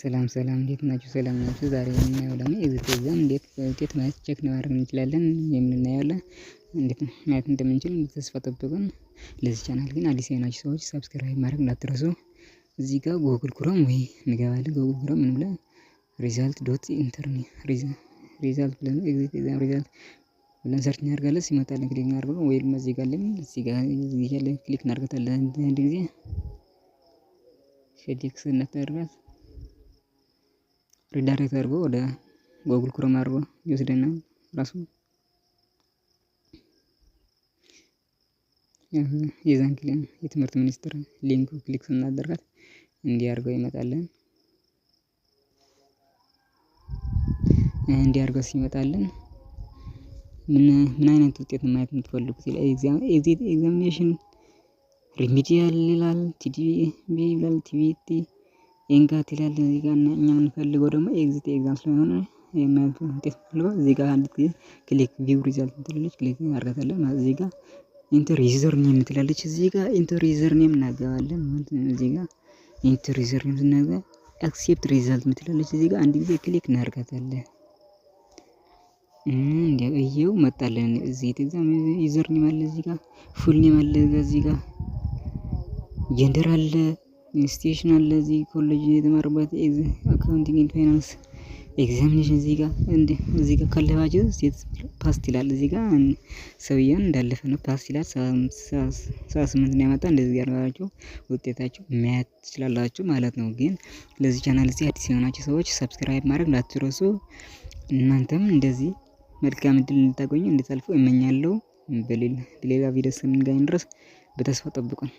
ሰላም ሰላም እንዴት ናችሁ? ሰላም ናችሁ? ዛሬ የምናየው ደግሞ ኤግዚት ኤግዛም እንዴት ውጤት ማየት ቼክ ማድረግ እንችላለን የምናየውለ እንዴት ማየት እንደምንችል ተስፋ ጠብቁን። ለዚህ ቻናል ግን አዲስ የሆናችሁ ሰዎች ሰብስክራይብ ማድረግ እንዳትረሱ። እዚህ ጋር ጎግል ክሮም ወይ እንገባለን። ጎግል ክሮም ምን ብለን ሪዛልት ዶት ኢንተርኔት ሪዛልት ብለን ኤግዚት ኤግዛም ሪዛልት ብለን ሰርች እናደርጋለን። ሲመጣለን ክሊክ እናደርጋለን። ወይም እዚህ ጋር ለምን እዚህ ጋር ክሊክ እናደርጋታለን። አንድ ጊዜ ፌዴክስ እናደርጋት ሪዳይሬክት አድርጎ ወደ ጎግል ክሮም አድርጎ ይወስደናል። ራሱ የዛን ክሊም የትምህርት ሚኒስትር ሊንኩ ክሊክ ስናደርጋት እንዲህ አድርገው ይመጣለን። እንዲህ አድርገው ሲመጣልን ምን አይነት ውጤት ማየት የምትፈልጉት ይላል። ኤግዛሚኔሽን ሪሚዲያል ይላል፣ ቲዲቢ ይላል፣ ቲቪቲ ኤንጋት ይላል እዚህ ጋር እኛ የምንፈልገው ደግሞ ኤግዚት ኤግዛም ስለሆነ የማየት ውጤት እዚህ ጋር አንዲት ጊዜ ክሊክ ቪው ሪዛልት ትላለች። ክሊክ አድርጋታለን ማለት እዚህ ጋር ኢንተር ዩዘር ኔም ትላለች። እዚህ ጋር ኢንተር ዩዘር ኔም እናገባለን ማለት ነው። እዚህ ጋር ኢንተር ዩዘር ኔም ስናገባ አክሴፕት ሪዛልት ምትላለች። እዚህ ጋር አንድ ጊዜ ክሊክ እናደርጋታለን። እየው መጣለን። እዚህ ኤግዛም ዩዘር ኔም አለ፣ እዚህ ጋር ፉል ኔም አለ፣ እዚህ ጋር ጀንደር አለ አለ ለዚህ ኮሌጅ የተማርበት አካውንቲንግ ኢን ፋይናንስ ኤግዛሚኔሽን እዚህ ጋር እንደ እዚህ ጋር ካለፋችሁ ሴት ፓስት ይላል። እዚህ ጋር ሰውዬውን እንዳለፈ ነው ፓስት ይላል። ሰባ ስምንት ነው ያመጣ። እንደዚህ ጋር ባላችሁ ውጤታችሁ ማየት ትችላላችሁ ማለት ነው። ግን ለዚህ ቻናል እዚህ አዲስ የሆናችሁ ሰዎች ሰብስክራይብ ማድረግ እንዳትረሱ። እናንተም እንደዚህ መልካም እድል እንድታገኙ እንድታልፉ እመኛለሁ። በሌላ ቪዲዮ እስክንገናኝ ድረስ በተስፋ ጠብቁን።